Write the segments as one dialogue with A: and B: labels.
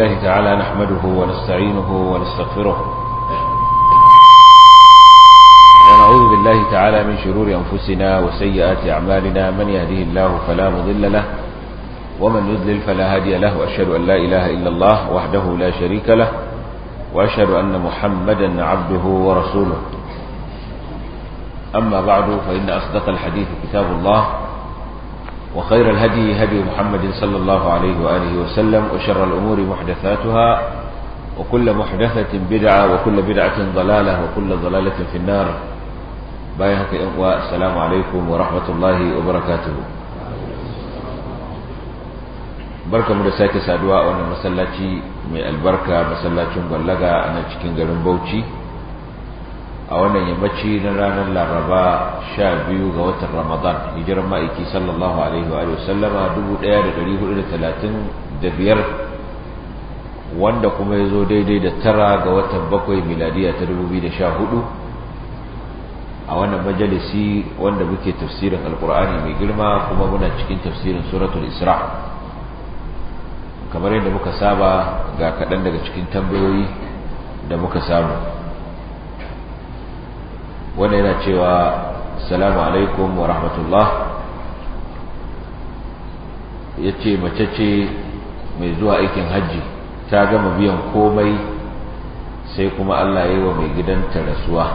A: الله تعالى نحمده ونستعينه ونستغفره ونعوذ بالله تعالى من شرور أنفسنا وسيئات أعمالنا من يهده الله فلا مضل له ومن يذلل فلا هادي له وأشهد أن لا إله إلا الله وحده لا شريك له وأشهد أن محمدا عبده ورسوله أما بعد فإن أصدق الحديث كتاب الله
B: وخير الهدي هدي محمد صلى الله
A: عليه وآله وسلم وشر الأمور محدثاتها وكل محدثة بدعة وكل بدعة ضلالة وكل ضلالة في النار بايهك إخوة السلام عليكم ورحمة الله وبركاته barka mu da sake saduwa a wannan masallaci mai albarka masallacin gwallaga a nan cikin garin bauchi a wannan yammaci na ranar laraba sha biyu ga watan ramadan hijirar ma'aiki sallallahu alaihi wa sallama dubu ɗaya da dari hudu da talatin da biyar wanda kuma ya zo daidai da tara ga watan bakwai miladiya ta dubu biyu da sha hudu a wannan majalisi wanda muke tafsirin alkur'ani mai girma kuma muna cikin tafsirin suratul isra kamar yadda muka saba ga kaɗan daga cikin tambayoyi da muka samu wanda yana cewa salamu alaikum wa rahmatullah ya ce mace ce mai zuwa aikin hajji ta gama biyan komai sai kuma allah ya yi wa mai gidanta rasuwa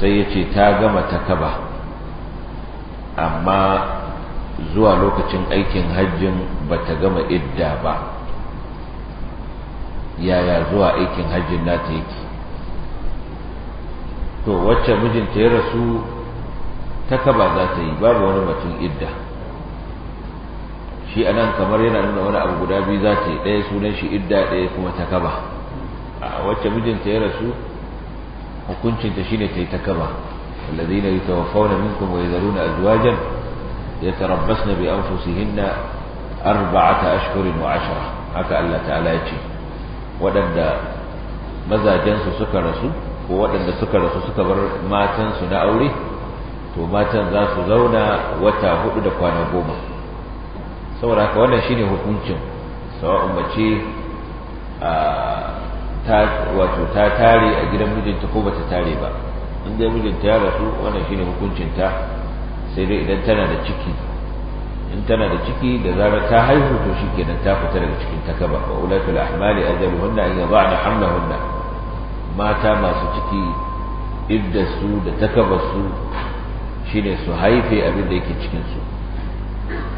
A: sai ya ce ta gama ta kaba amma zuwa lokacin aikin hajjin ba ta gama idda ba yaya zuwa aikin hajjin nata yake to wacce mijinta ya rasu ta kaba za ta yi babu wani mutum idda shi anan kamar yana nuna wani abu guda biyu za ta yi ɗaya sunan shi idda ɗaya kuma ta kaba a wacce mijinta ya rasu hukuncinta shine ta yi ta kaba الذين يتوفون منكم ويذرون أزواجا يتربصن بأنفسهن أربعة أشهر وعشرة haka Allah ta'ala ya ce waɗanda mazajensu suka rasu ko waɗanda suka rasu suka bar matansu na aure to matan za su zauna wata hudu da kwana goma saboda haka wannan shine hukuncin sawa'un mace ta wato ta tare a gidan mijinta ko bata tare ba in dai mijinta ya rasu wannan shine hukuncinta sai dai idan tana da ciki in tana da ciki da zarar ta haihu to shi kenan ta fita daga cikin takaba wa ulatul ahmali ajaluhunna an yadhana hamlahunna mata masu ciki su da takabarsu shine su haife abin da yake cikinsu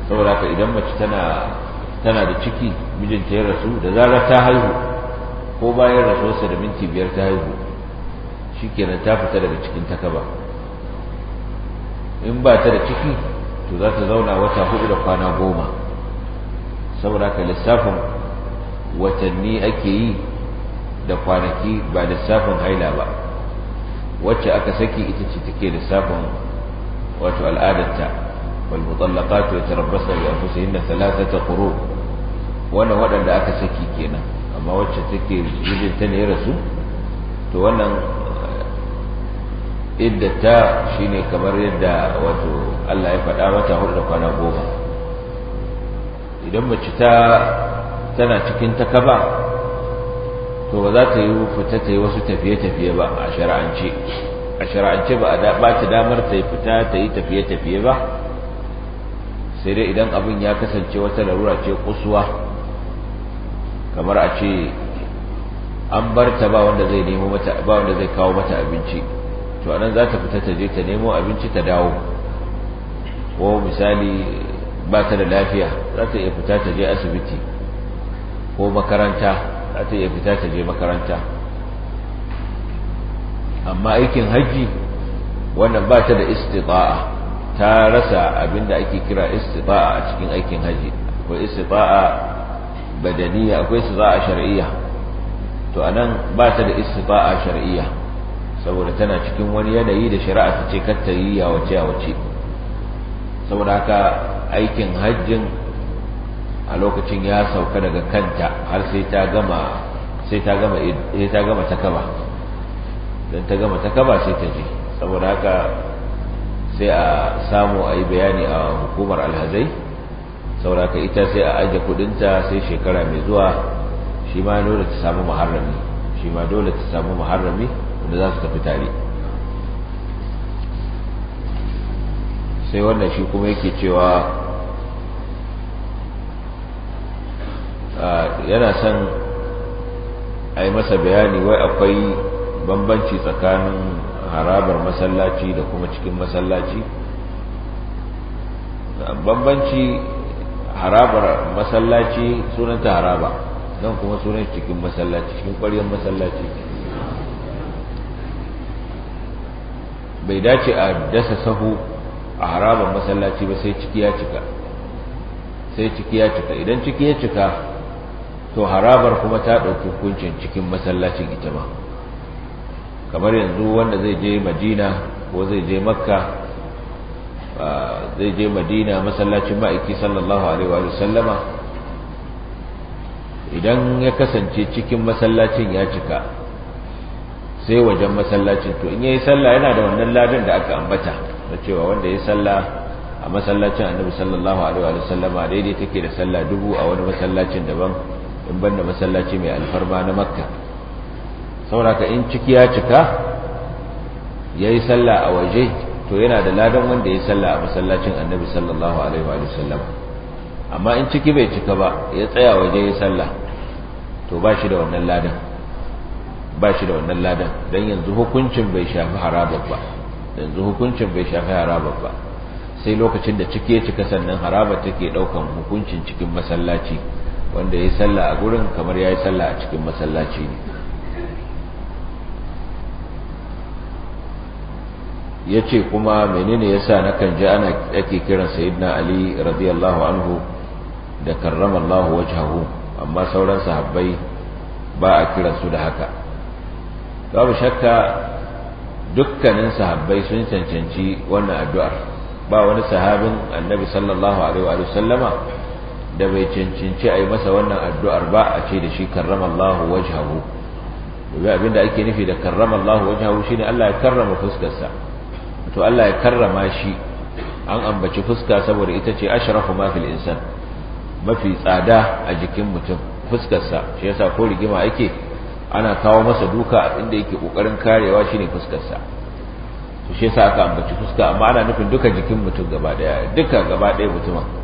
A: saboda haka idan mace tana da ciki mijinta ya rasu da zarar ta haihu ko bayan rasuwarsa da minti biyar ta haihu shi nan ta fita daga cikin takaba in ba ta da ciki to za ta zauna wata hudu da kwana goma saboda haka lissafin watanni ake yi da kwanaki ba da safin haila ba wacce aka saki ita ce take safin wato al'adarta wal mutallaqat yatarabbasna bi anfusihinna thalathata quru wannan waɗanda aka saki kenan amma wacce take mijinta ne ya rasu to wannan eh, iddata shine kamar yadda wato Allah ya faɗa mata hudu kwana goma idan mace ta tana cikin takaba to ba za ta yi fita ta yi wasu tafiye-tafiye ba a shara'ance a shara'ance ba a ba ta damar ta yi fita ta yi tafiye-tafiye ba sai dai idan abin ya kasance wata larura ce kusuwa kamar a ce an bar ta ba wanda zai nemo mata ba wanda zai kawo mata abinci to anan za ta fita ta je ta nemo abinci ta dawo ko misali ba ta da lafiya za ta iya fita ta je asibiti ko makaranta za ta iya fita ta je makaranta amma aikin hajji wannan ba ta da istita'a ta rasa abinda ake kira istita'a a cikin aikin hajji akwai istita'a badaniya akwai a shar'iyya to anan ba ta da istita'a shar'iyya saboda tana cikin wani yanayi da shari'a ta ce kar ta yi ya yawace saboda haka aikin hajjin a lokacin ya sauka daga kanta har sai ta gama sai ta gama sai ta gama takaba dan ta gama ta sai ta je saboda haka sai a samu a yi bayani a hukumar alhazai saboda haka ita sai a aje kudinta sai shekara mai zuwa shi ma dole ta samu muharrami shi ma dole ta samu muharrami wanda za su tafi tare sai wannan shi kuma yake cewa yana son a yi masa bayani wai akwai bambanci tsakanin harabar masallaci da kuma cikin masallaci bambanci harabar masallaci sunanta haraba don kuma sunan cikin masallaci cikin ƙwaryar masallaci bai dace a dasa sahu a harabar masallaci ba sai ciki ya cika sai ciki ya cika idan ciki ya cika to harabar kuma ta ɗauki hukuncin cikin masallacin ita ma kamar yanzu wanda zai je madina ko zai je makka zai je madina masallacin ma'aiki sallallahu alaihi wa idan ya kasance cikin masallacin ya cika sai wajen masallacin to in ya yi sallah yana da wannan ladan da aka ambata na cewa wanda ya sallah a masallacin annabi sallallahu alaihi wa sallama daidai take da sallah dubu a wani masallacin daban in banda masallaci mai alfarma na makka sauraka in ciki ya cika ya yi sallah a waje to yana da ladan wanda ya yi sallah a masallacin annabi sallallahu alaihi wa sallam amma in ciki bai cika ba ya tsaya waje ya yi sallah to ba shi da wannan ladan ba shi da wannan ladan don yanzu hukuncin bai shafi harabar ba yanzu hukuncin bai shafi harabar ba sai lokacin da ciki ya cika sannan harabar take daukan hukuncin cikin masallaci wanda ya salla a gurin kamar ya yi sallah a cikin masallaci ne ya ce kuma menene ya sa nakan ji ana ake kiran sayidina ali radiyallahu anhu da Allahu wajhahu amma sauran sahabbai ba a kiransu da haka babu shakka dukkanin sahabbai sun cancanci wannan addu'ar ba wani sahabin annabi sallallahu alaihi wa sallama da bai cancanci a yi masa wannan addu'ar ba a ce da shi karramallahu wajhahu abin abinda ake nufi da karramallahu shi shine Allah ya karrama fuskarsa to Allah ya karrama shi an ambaci fuska saboda ita ce ashrafu ma insan mafi tsada a jikin mutum fuskarsa shi yasa ko rigima ake ana kawo masa duka inda yake kokarin karewa shine fuskarsa to shi yasa aka ambaci fuska amma ana nufin duka jikin mutum gaba daya duka gaba daya mutumin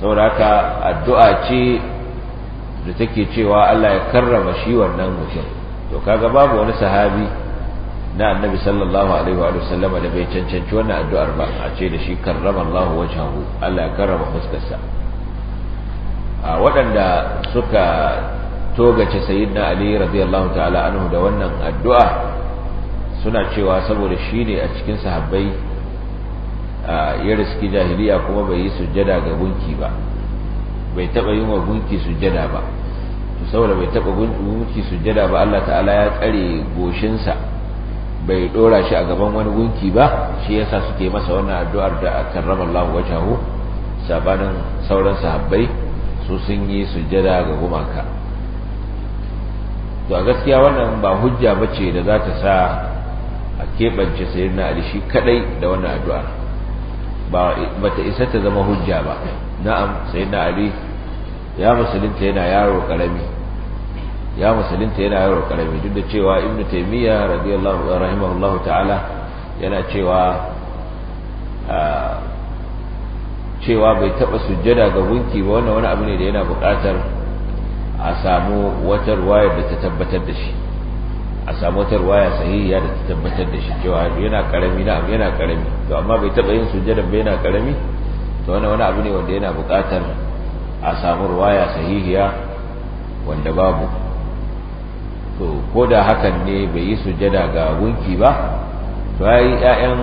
A: saboda haka addu'a ce da take cewa Allah ya karrama shi wannan mutum to kaga babu wani sahabi na annabi sallallahu alaihi wa sallama da bai cancanci wannan addu'ar ba a ce da shi karrama Allah wajhahu Allah ya karrama fuskarsa a waɗanda suka togace sayyidina Ali radiyallahu ta'ala anhu da wannan addu'a suna cewa saboda shi ne a cikin sahabbai ya riski jahiliya kuma bai yi sujjada ga gunki ba bai taba yi wa gunki sujjada ba to saboda bai taba gunki sujjada ba Allah ta'ala ya tsare goshinsa bai dora shi a gaban wani gunki ba shi yasa suke masa wannan addu'ar da Allah wajahu sabanin sauran sahabbai su sun yi sujjada ga gumaka to a gaskiya wannan ba hujja bace da za ta sa a keɓance sayyidina Ali shi kadai da wannan addu'ar ba ta isa ta zama hujja ba na'am sai na ali ya musulunta yana yaro karami ya musulunta yana yaro karami duk da cewa ibnu taymiya radiyallahu rahimahullahu ta'ala yana cewa cewa bai taba sujjada ga gunki ba wannan wani abu ne da yana buƙatar a samu wata ruwayar da ta tabbatar da shi a samu wata ruwaya sahihiya da ta tabbatar da shi cewa yana karami na yana karami to amma bai taba yin sujjada bai yana karami to wannan wani abu ne wanda yana buƙatar a samu ruwaya sahihiya wanda babu to ko da hakan ne bai yi sujjada ga gunki ba to ai ƴaƴan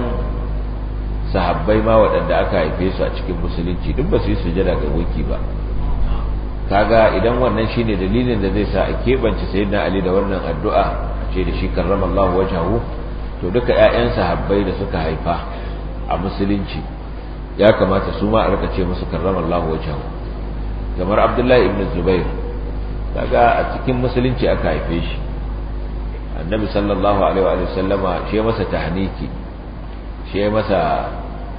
A: sahabbai ma waɗanda aka haife su a cikin musulunci duk ba su yi sujjada ga gunki ba kaga idan wannan shine dalilin da zai sa a keɓance sayyidina ali da wannan addu'a kasance da shi Allah wajahu to duka ƴaƴan sahabbai da suka haifa a musulunci ya kamata su ma a rika ce musu Allah wajahu kamar abdullahi ibn zubair kaga a cikin musulunci aka haife shi annabi sallallahu alaihi wa sallama shi masa tahniki shi masa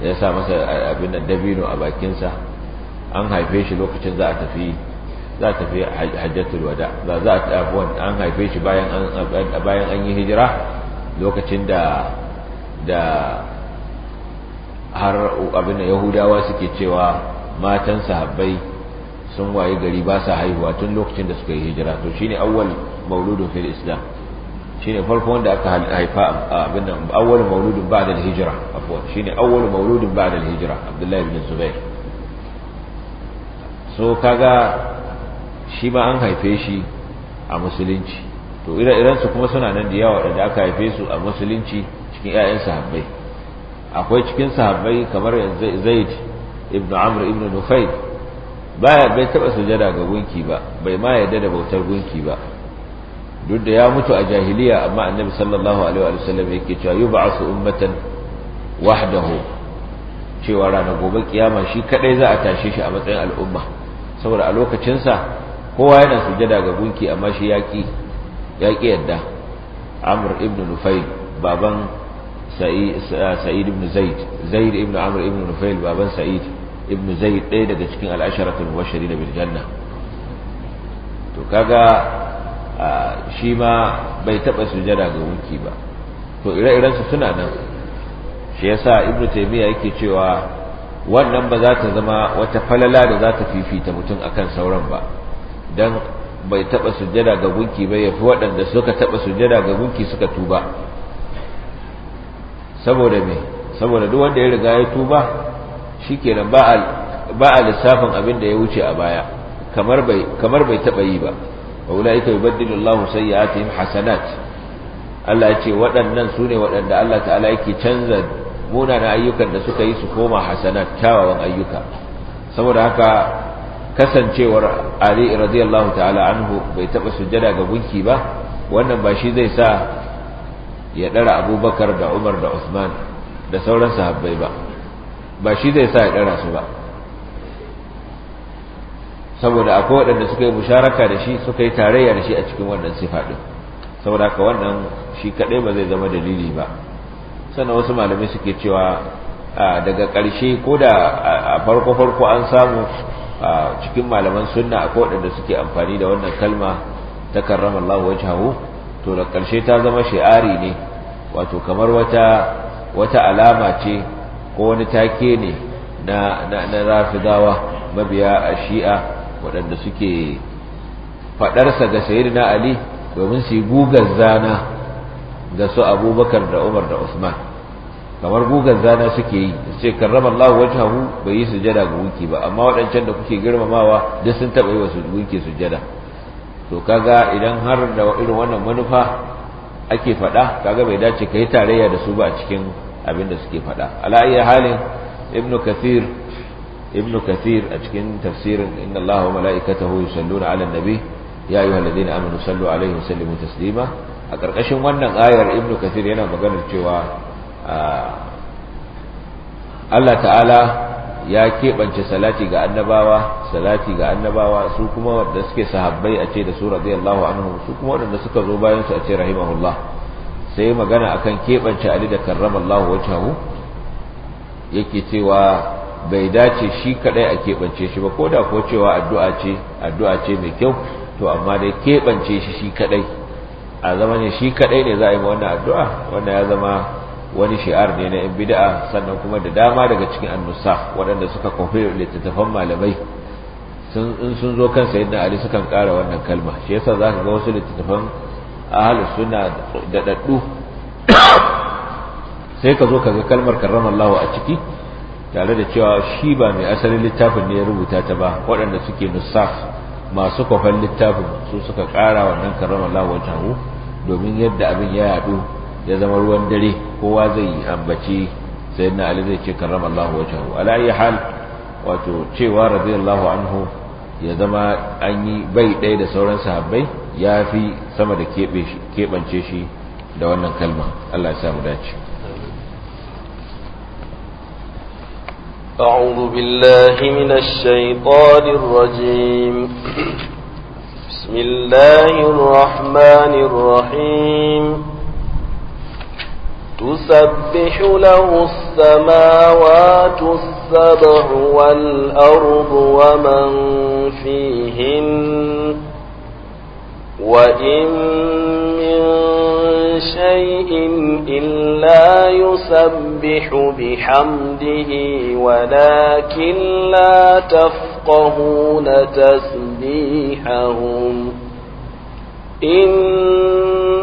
A: ya sa masa abin da dabino a sa an haife shi lokacin za a tafi za ta fi hajjatul wada ba za ta abuwan an haife shi bayan an yi hijira lokacin da har abin da yahudawa suke cewa matan sahabbai sun waye gari ba sa haihuwa tun lokacin da suka yi hijira to shine awwal mauludun fil islam shine farko wanda aka haifa abin nan awwal mauludun ba'da al-hijra afwan shine awwal mauludun ba'da al-hijra abdullahi ibn zubair so kaga shi ma an haife shi a musulunci to ire su kuma suna nan da yawa da aka haife su a musulunci cikin 'ya'yan sahabbai akwai cikin sahabbai kamar zaid ibn amr ibn nufayl baya bai taba sujada ga gunki ba bai ma yarda da bautar gunki ba duk da ya mutu a jahiliya amma annabi sallallahu alaihi wa sallam yake cewa yub'asu ummatan wahdahu cewa ranar gobe kiyama shi kadai za a tashe shi a matsayin al'umma saboda a lokacin sa kowa yana sujada ga gunki amma shi yaƙi yaki yadda amr ibn nufail baban sa'id ibn zaid zaid ibn amr ibn nufail baban sa'id ibn zaid ɗaya daga cikin al'asharatul mubashirin bil janna to kaga shi ma bai taɓa sujada ga gunki ba to ire iren su suna nan shi yasa ibnu taymiya yake cewa wannan ba za ta zama wata falala da za ta fifita mutum akan sauran ba dan bai taba sujjada ga gunki ba yafi waɗanda suka taba sujjada ga gunki suka tuba saboda me saboda duk wanda ya riga ya tuba shikenan ba a ba a lissafin abin da ya wuce a baya kamar bai kamar bai taba yi ba ulaika yubaddilu Allahu sayyi'atihim hasanat Allah ya ce waɗannan su ne waɗanda Allah ta'ala yake canza munana ayyukan da suka yi su koma hasanat kyawawan ayyuka saboda haka kasancewar ali radiyallahu ta'ala anhu bai taba sujjada ga gunki ba wannan ba shi zai sa ya dara abubakar da umar da usman da sauran sahabbai ba ba shi zai sa ya dara su ba saboda akwai waɗanda suka yi musharaka da shi suka yi tarayya da shi a cikin wannan sifa din saboda haka wannan shi kadai ba zai zama dalili ba sannan wasu malamai suke cewa daga ƙarshe ko da a farko-farko an samu a cikin malaman sunna akwai waɗanda suke amfani da wannan kalma ta karrama Allah wajhahu to da ƙarshe ta zama shi'ari ne wato kamar wata wata alama ce ko wani take ne na na, na rafidawa mabiya shi'a waɗanda suke faɗarsa ga sayyidina Ali domin su yi gugar zana ga su Abubakar da Umar da Usman kamar gugan zana suke yi da ce karramallahu wajhahu bai yi sujada ga gunki ba amma waɗancan da kuke girmamawa duk sun taɓa yi wa gunki sujada to kaga idan har da irin wannan manufa ake faɗa kaga bai dace ka yi tarayya da su ba a cikin abin da suke faɗa ala'ayyar halin ibnu kathir ibnu kathir a cikin tafsirin inna allaha wa mala'ikatahu yusalluna 'alan nabi ya ayyuhal ladina amanu sallu alaihi wa a ƙarƙashin wannan ayar ibnu kathir yana maganar cewa Ah. Allah ta'ala ya keɓance salati ga annabawa salati ga annabawa su kuma wanda suke sahabbai a ce da su radiyallahu anhu su kuma wanda suka zo bayan su a ce rahimahullah sai magana akan keɓance ali da karramallahu wajhahu yake cewa bai dace shi kadai a keɓance shi ba ko da ko cewa addu'a ce addu'a ce mai kyau to amma dai keɓance shi shi kadai a zaman shi kadai ne za a yi wannan addu'a wannan ya zama wani shi'ar ne na 'yan bida'a sannan kuma da dama daga cikin annusa waɗanda suka kwafe littattafan malamai sun in sun zo kan sayyidina ali sukan ƙara wannan kalma shi yasa za ka ga wasu littattafan ahalus sunna da daddu sai ka zo ka ga kalmar karramallahu a ciki tare da cewa shi ba mai asalin littafin ne ya rubuta ta ba waɗanda suke nusaf masu kwafan littafin su suka ƙara wannan karramallahu wajahu domin yadda abin ya yaɗu ya zama ruwan dare kowa zai ambaci na ali zai ce karrama Allahu wajhahu ala ayi hal wato cewa radiyallahu anhu ya zama an yi bai ɗaya da sauran sahabbai ya fi sama da keɓance shi da wannan kalma Allah ya samu dace
B: أعوذ بالله من الشيطان الرجيم بسم الله الرحمن الرحيم تسبح له السماوات السبع والأرض ومن فيهن وإن من شيء إلا يسبح بحمده ولكن لا تفقهون تسبيحهم إن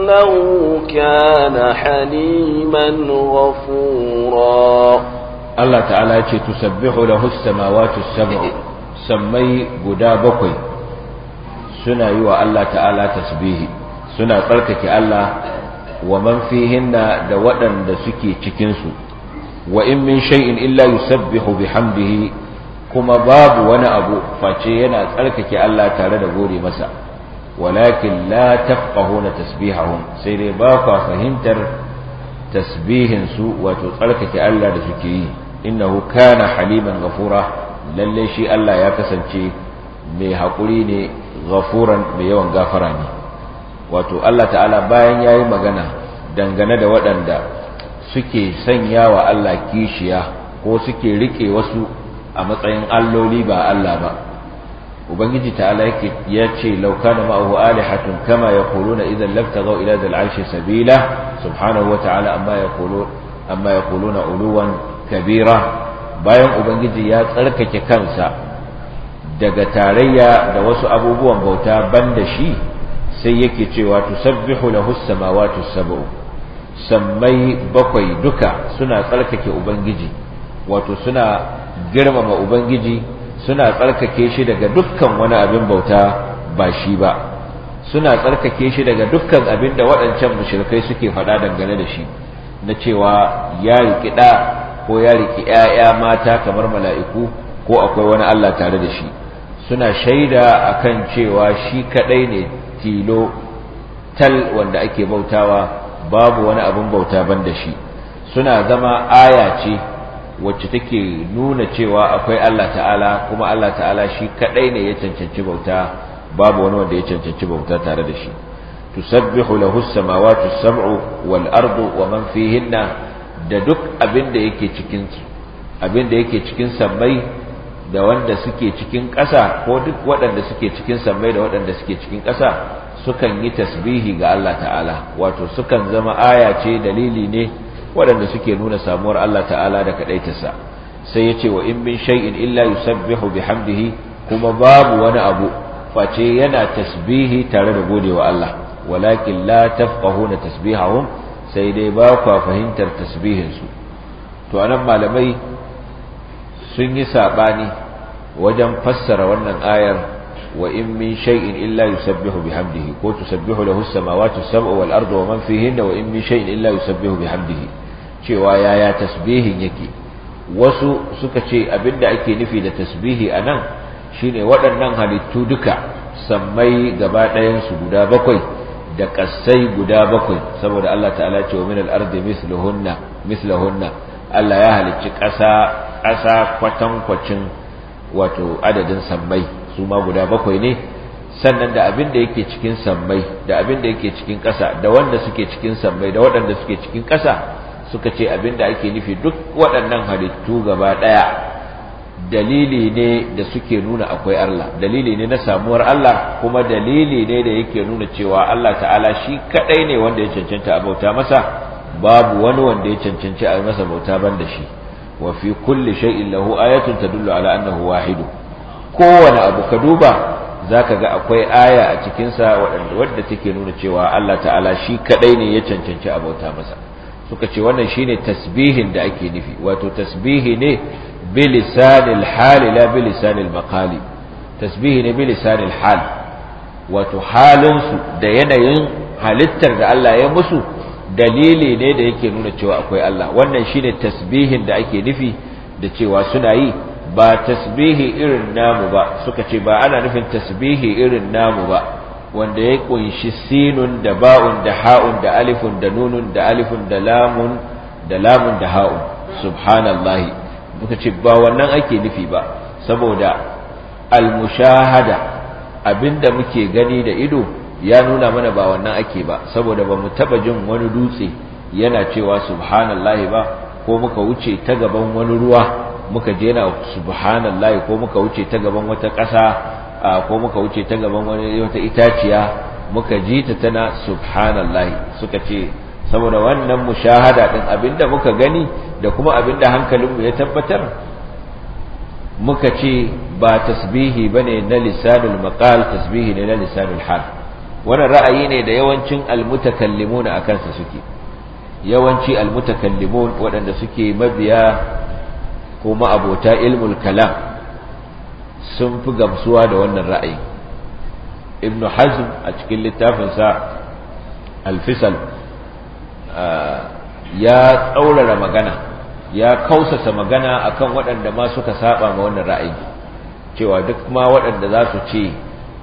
B: إنه كان حليما غفورا
A: الله تعالى تسبح له السماوات السبع سمي قدا بكوي سنة يوى الله تعالى تسبيه سنة تركك الله ومن فيهن دوأا دسكي تكنسو وإن من شيء إلا يسبح بحمده كما باب وانا أبو فاتشينا تركك الله تعالى نقولي مسأ walakin la tafqahuna tasbihahum sai dai ba ku fahimtar tasbihin su wato tsarkake Allah da suke yi in na innahu kana haliman ghafura lalle shi Allah ya kasance mai haƙuri ne ghafuran mai yawan gafara ne wato Allah ta'ala bayan yayi magana dangane da waɗanda suke sanya wa Allah kishiya ko suke rike wasu a matsayin alloli ba Allah ba ubangiji ta'ala yake ce lauka kana ma'ahu alihatun kama ya yaquluna idan labtaghaw ila da arshi sabila subhanahu wa ta'ala amma ya amma yaquluna uluwan kabira bayan ubangiji ya tsarkake kansa daga tarayya da wasu abubuwan bauta banda shi sai yake cewa tusabbihu lahu as-samawati sabu sammai bakwai duka suna tsarkake ubangiji wato suna girmama ubangiji suna tsarkake shi daga dukkan wani abin bauta ba shi ba suna tsarkake shi daga dukkan abin da waɗancan mushrikai suke faɗa dangane da shi na cewa ya riƙi ɗa ko ya riƙi ‘ya'ya mata kamar mala'iku ko akwai wani Allah tare da shi suna shaida a kan cewa shi kaɗai ne tilo tal wanda ake bautawa babu wani abin bauta ban da shi suna zama aya ce wacce take nuna cewa akwai Allah ta'ala kuma Allah ta'ala shi kadai ne ya cancanci bauta babu wani wanda ya cancanci bauta tare da shi tusabbihu lahu samawati sabu wal ardu wa man fihinna da duk abin da yake cikin abin da yake cikin sammai da wanda suke cikin ƙasa ko duk waɗanda suke cikin sammai da waɗanda suke cikin ƙasa sukan yi tasbihi ga Allah ta'ala wato sukan zama aya ce dalili ne waɗanda suke nuna samuwar Allah ta'ala da kaɗaitarsa sai ya ce wa in min shay'in illa yusabbihu bihamdihi kuma babu wani abu face yana tasbihi tare da godewa Allah walakin la tafqahuna tasbihahum sai dai ba fahimtar tasbihinsu to anan malamai sun yi saɓani wajen fassara wannan ayar wa in min shay'in illa yusabbihu bihamdihi ko tusabbihu lahu samawati as-sab'u wal ardu wa man fihinna wa in min shay'in illa yusabbihu bihamdihi cewa yaya tasbihin yake wasu suka ce abinda ake nufi da tasbihi a nan shine waɗannan halittu duka sammai gaba ɗayansu guda bakwai da ƙasai guda bakwai saboda Allah ta'ala ce wa min al-ardi mislahunna Allah ya halicci ƙasa ƙasa kwatankwacin wato adadin sammai su ma guda bakwai ne sannan da abin da yake cikin sammai da abin da yake cikin ƙasa da wanda suke cikin sammai da waɗanda suke cikin ƙasa suka ce abin da ake nufi duk waɗannan halittu gaba ɗaya dalili ne da suke nuna akwai Allah dalili ne na samuwar Allah kuma dalili ne da yake nuna cewa Allah ta'ala shi kadai ne wanda ya cancanta a bauta masa babu wani wanda ya cancanci a masa bauta ban da shi wa fi kulli shay'in lahu ayatun tadullu ala annahu wahidu kowane abu ka duba zaka ga akwai aya a cikin sa wadda take nuna cewa Allah ta'ala shi kadai ne ya cancanci a bauta masa suka ce wannan shine tasbihin da ake nufi wato tasbihi ne bilisanil hali la bilisanil maqali tasbihi ne bilisanil hal wato halinsu da yanayin halittar da Allah ya musu dalili ne da yake nuna cewa akwai Allah wannan shine tasbihin da ake nufi da cewa suna yi ba tasbihi irin namu ba suka ce ba ana nufin tasbihi irin namu ba wanda ya kunshi sinun da ba'un da ha'un da alifun da nunun da alifun da lamun da lamun da ha'un subhanallahi muka ce ba wannan ake nufi ba saboda almushahada abinda muke gani da ido ya nuna mana ba wannan ake ba saboda ba mu taba jin wani dutse yana cewa subhanallahi ba ko muka wuce ta gaban wani ruwa muka je na subhanallahi ko muka wuce ta gaban wata ƙasa ko muka wuce ta gaban wani wata itaciya muka ji ta tana subhanallahi suka ce saboda wannan mushahada din abinda muka gani da kuma abinda hankalinmu ya tabbatar muka ce ba tasbihi bane na lisanul maqal tasbihi ne na lisanul hal wannan ra'ayi ne da yawancin almutakallimuna akan sa suke yawanci almutakallimun waɗanda suke mabiya ko ma'abota ilmul kalam sun fi gamsuwa da wannan ra'ayi ibn hazm a cikin littafinsa alfisal ya tsaurara magana ya kausasa magana akan waɗanda ma suka saba ma wannan ra'ayi cewa duk ma waɗanda za su ce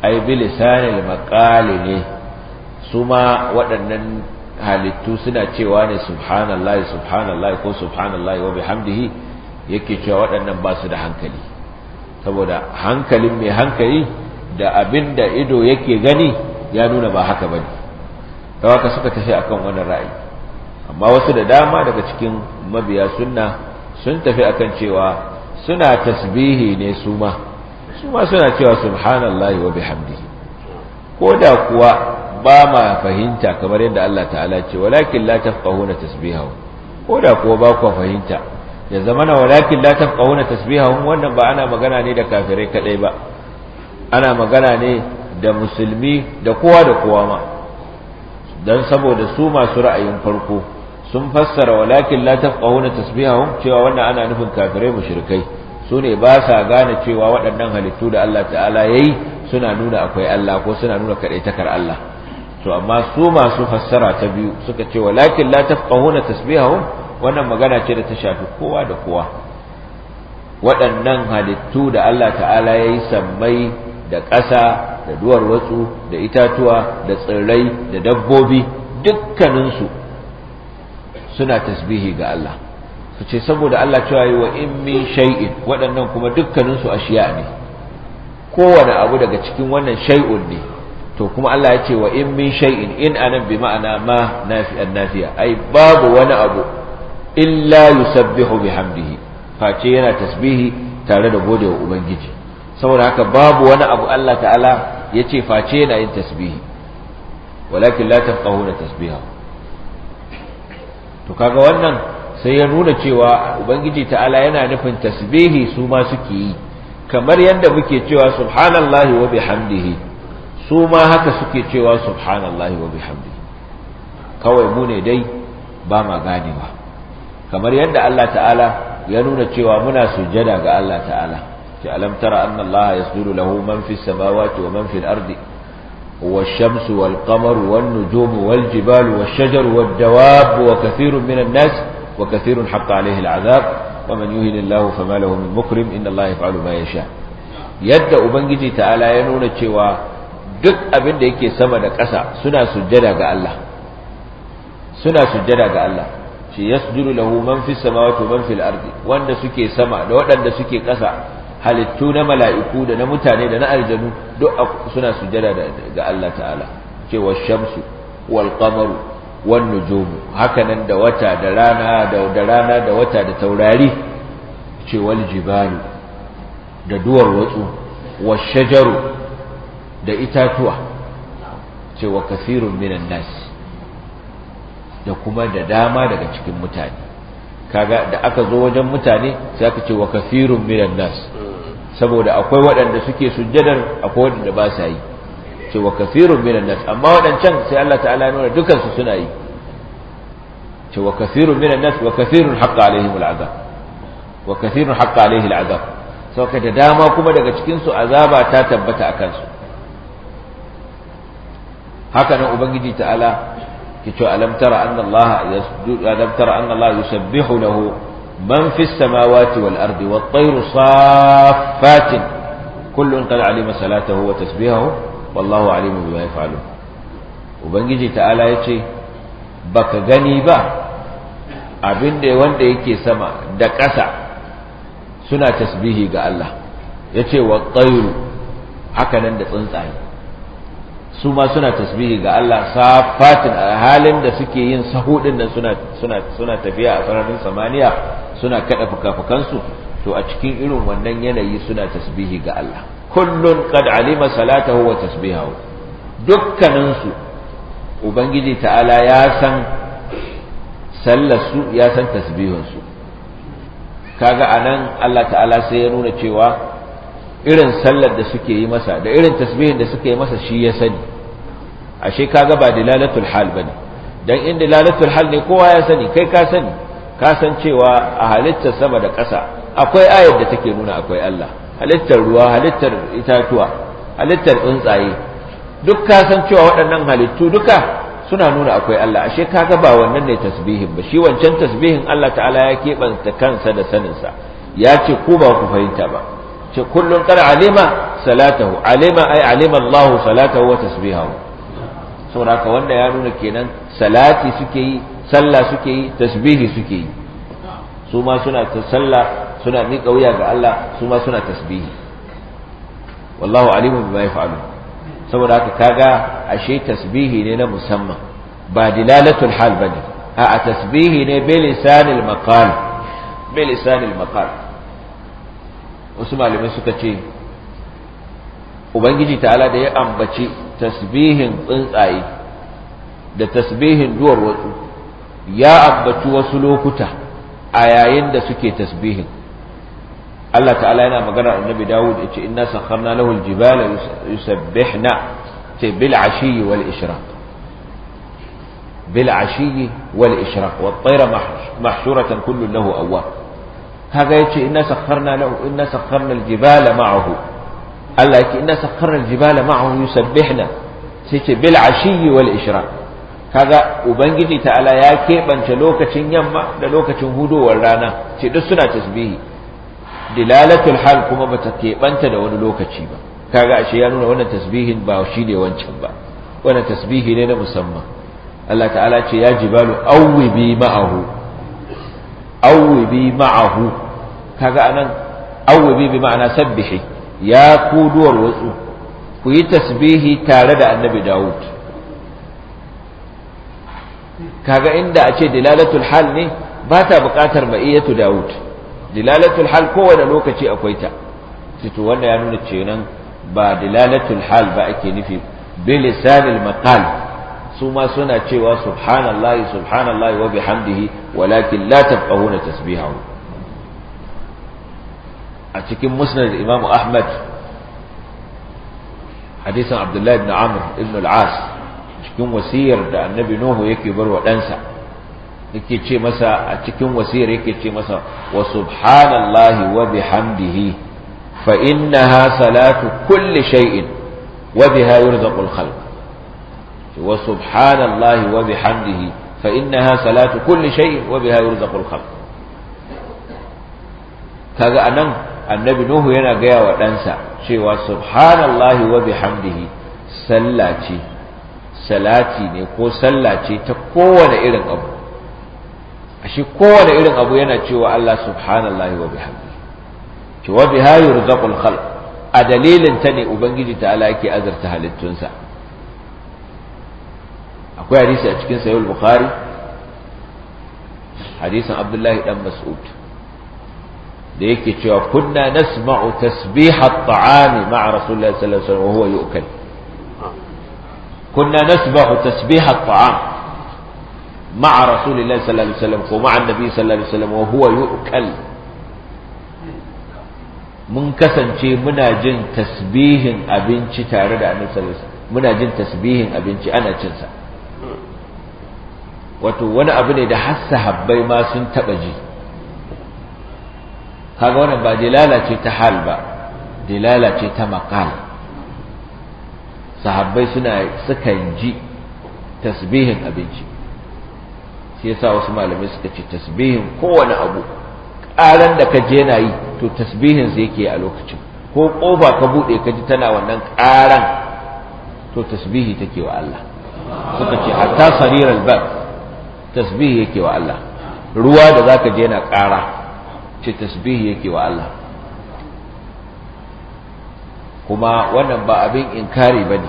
A: ai bilisanil maqali ne su ma waɗannan halittu suna cewa ne subhanallahi subhanallahi ko subhanallahi wa bihamdihi yake cewa waɗannan ba su da hankali saboda hankalin mai hankali da abin da ido yake gani ya nuna ba haka ba ne. Kawaka suka tafi akan wannan ra'ayi amma wasu da dama daga cikin mabiya sunna sun tafi akan cewa suna tasbihi ne su ma su ma suna cewa subhanallahi wa Hamdi. ko da kuwa ba ma fahimta kamar yadda Allah ta'ala ce walakin la tafqahuna tasbihahu ko da kuwa ba ku fahimta ya zamana walakin la tafqahuna tasbihahum wannan ba ana magana ne da kafirai kadai ba ana magana ne da musulmi da kowa da kowa ma dan saboda su masu ra'ayin farko sun fassara walakin la tafqahuna tasbihahum cewa wannan ana nufin kafirai mushrikai su ne ba sa gane cewa waɗannan halittu da Allah ta'ala yayi suna nuna akwai Allah ko suna nuna takar Allah to amma su masu fassara ta biyu suka ce walakin la tafqahuna tasbihahum wannan magana ce da ta shafi kowa da kowa waɗannan halittu da Allah ta'ala ya yi sammai da ƙasa da duwar watsu da itatuwa da tsirrai da dabbobi dukkaninsu suna tasbihi ga Allah su ce saboda Allah cewa yi wa in min shay'in waɗannan kuma dukkaninsu a shiya ne kowane abu daga cikin wannan shai'un ne to kuma Allah ya ce wa in min shay'in in anan bi ma'ana ma nafi'an nafiya ai babu wani abu illa yusabbihu bihamdihi face yana tasbihi tare da gode ubangiji saboda haka babu wani abu Allah ta'ala ya ce face yana yin tasbihi walakin la tafqahuna tasbiha to kaga wannan sai ya nuna cewa ubangiji ta'ala yana nufin tasbihi su ma suke yi kamar yadda muke cewa subhanallahi wa bihamdihi su ma haka suke cewa subhanallahi wa bihamdihi kawai mu ne dai ba ma gane ba. kamar yadda Allah ta'ala ya nuna cewa muna sujada ga Allah ta'ala ce alam tara anna Allah yasjudu lahu man fis samawati wa man fil ardi والشمس والقمر والنجوم والجبال والشجر والدواب yadda ubangiji ta'ala ya nuna cewa duk abin da yake sama da ƙasa suna sujada ga Allah suna ga Allah ce yasjudu lahu man sama wato man fil ardi wanda suke sama da waɗanda suke ƙasa halittu na mala'iku da na mutane da na aljanu duk suna sujada ga Allah ta'ala ce shamsu wal qamaru wan nujumu hakanan da wata da rana da rana da wata da taurari ce wal jibalu da duwar watsu wa shajaru da itatuwa ce wa kasirun minan da kuma da dama daga cikin mutane kaga da aka zo wajen mutane sai aka ce wa kafirun minan nas saboda akwai waɗanda suke sujjadar akwai waɗanda ba sa yi ce wa kafirun minan nas amma waɗancan sai Allah ta'ala nuna dukan su suna yi ce wa kafirun minan nas wa kafirun haqqa alaihim al'azab wa kafirun haqqa alaihi al'azab sauka da dama kuma daga cikin su azaba ta tabbata akan su haka nan ubangiji ta'ala kicu alam tara anna Allah yasjudu alam tara anna Allah yusabbihu lahu man fis samawati wal ardi wat tayru saffatin kullun qad alima salatahu wa tasbihahu wallahu alimu bima yaf'alun ubangiji ta'ala yace baka gani ba abinda wanda yake sama da ƙasa suna tasbihi ga Allah yace wat tayru haka da tsuntsaye su ma suna tasbihi ga Allah safatin a halin da suke yin sahudin nan suna tafiya a sararin samaniya suna kada fukafukansu to a cikin irin wannan yanayi suna tasbihi ga Allah Kullum kad alima salatahu wa tasbihahu dukkanin ubangiji ta'ala ya san sallar ya san tasbihin su kaga anan Allah ta'ala sai ya nuna cewa irin sallar da suke yi masa da irin tasbihin da suke yi masa shi ya sani ashe kaga ba dilalatul hal bane dan in dilalatul hal ne kowa ya sani kai ka sani ka san cewa a halittar sama da ƙasa akwai ayar da take nuna akwai Allah halittar ruwa halittar itatuwa halittar tsuntsaye duk ka san cewa waɗannan halittu duka suna nuna akwai Allah ashe kaga ba wannan ne tasbihin ba shi wancan tasbihin Allah ta'ala ya keɓanta kansa da saninsa ya ce ku ba ku fahimta ba ce kullum kar alima salatahu alima ai alima Allah salatahu wa tasbihahu saboda haka wanda ya nuna kenan salati suke yi sallah suke yi tasbihi suke yi su ma suna sallah suna miƙa wuya ga Allah su ma suna tasbihi wallahu alimu bima yaf'alu saboda haka kaga ashe tasbihi ne na musamman ba dilalatul hal bane a tasbihi ne bi lisanil maqal bi lisanil maqal wasu malamai suka ce ubangiji ta'ala da ya ambaci tasbihin tsuntsaye da tasbihin duwar watsu ya ambaci wasu lokuta a yayin da suke tasbihin Allah ta'ala yana magana annabi Dawud yace inna sakharna lahu aljibala yusabbihna ce bil ashiyi wal ishraq bil ashiyi wal ishraq wat tayra mahshuratan kullu lahu awwab kaga yace inna sakharna lahu inna sakharna al-jibala ma'ahu Allah yake inna sakharna al-jibala ma'ahu yusabbihna sai ce bil ashiyi wal ishraq kaga ubangiji ta'ala ya keɓance lokacin yamma da lokacin hudowar rana ce duk suna tasbihi dilalatul hal kuma bata keɓanta da wani lokaci ba kaga ashe ya nuna wannan tasbihin ba shi ne wancan ba wannan tasbihi ne na musamman Allah ta'ala ce ya jibalu awwibi ma'ahu awwibi ma'ahu kaga anan awwabi bi ma'ana sabbihi ya ku duwar watsu ku yi tasbihi tare da annabi Dawud kaga inda a ce dilalatul hal ne ba ta buƙatar ma'iyatu Dawud dilalatul hal kowane lokaci akwai ta to wanda ya nuna kenan ba dilalatul hal ba ake nufi bilisanil maqal su ma suna cewa subhanallahi subhanallahi wa bihamdihi walakin la tafqahuna tasbihahu a cikin musnad imamu ahmad hadisan abdullahi ibn amr ibn al-as cikin wasiyar da annabi nuhu yake bar wa ɗansa yake ce masa a cikin wasiyar yake ce masa wa subhanallahi wa bihamdihi fa innaha salatu kulli shay'in wa biha yurzaqul khalq wa subhanallahi wa bihamdihi fa innaha salatu kulli shay'in wa biha yurzaqul khalq kaga anan annabi nuhu yana gaya wa ɗansa cewa subhanallahi wa bihamdihi sallah ce salati ne ko sallah ce ta kowane irin abu ashe kowane irin abu yana cewa Allah subhanallahi wa bihamdihi ki wa biha yurzaqul khalq a dalilin ta ne ubangiji ta'ala yake azarta halittunsa akwai hadisi a cikin sahih bukhari hadisin abdullahi dan mas'ud da yake cewa kunna nasma'u tasbiha at-ta'ami ma'a rasulillahi sallallahu alaihi wasallam wa huwa yu'kal kunna nasma'u tasbiha at-ta'am ma'a rasulillahi sallallahu alaihi wasallam ko ma'a annabi sallallahu alaihi wasallam wa huwa yu'kal mun kasance muna jin tasbihin abinci tare da annabi sallallahu alaihi wasallam muna jin tasbihin abinci ana cin sa wato wani abu ne da har sahabbai ma sun taba ji kaga wannan ba dilala ce ta hal ba dilala ce ta maqal sahabbai suna sukan ji tasbihin abinci shi yasa wasu malamai suka ce tasbihin kowane abu ƙaran da ka je na yi to tasbihin sai yake a lokacin ko ƙofa ka buɗe ka ji tana wannan ƙaran to tasbihi take wa Allah suka ce hatta sarir ba tasbihi yake wa Allah ruwa da zaka je na ƙara ce tasbihi yake wa Allah kuma wannan ba abin inkari bane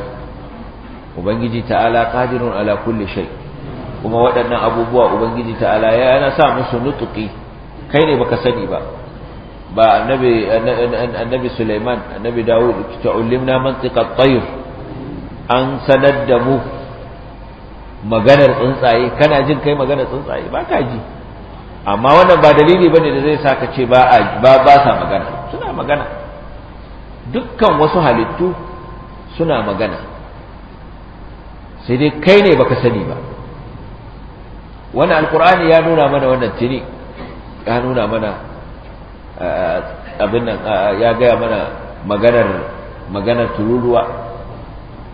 A: ubangiji ta'ala qadirun ala kulli shay kuma waɗannan abubuwa ubangiji ta'ala yana sa musu nutuki kai ne baka sani ba ba annabi annabi Sulaiman annabi Dawud ta'allimna mantiqa at-tayr an sanar da mu maganar tsuntsaye kana jin kai maganar tsuntsaye ba ka ji amma wannan ba dalili bane da zai saka ce ba ba ba sa magana suna magana dukkan wasu halittu suna magana sai dai kai ne baka sani ba wannan alkur'ani ya nuna mana wannan tini ya nuna mana abin nan ya gaya mana maganar maganar tururuwa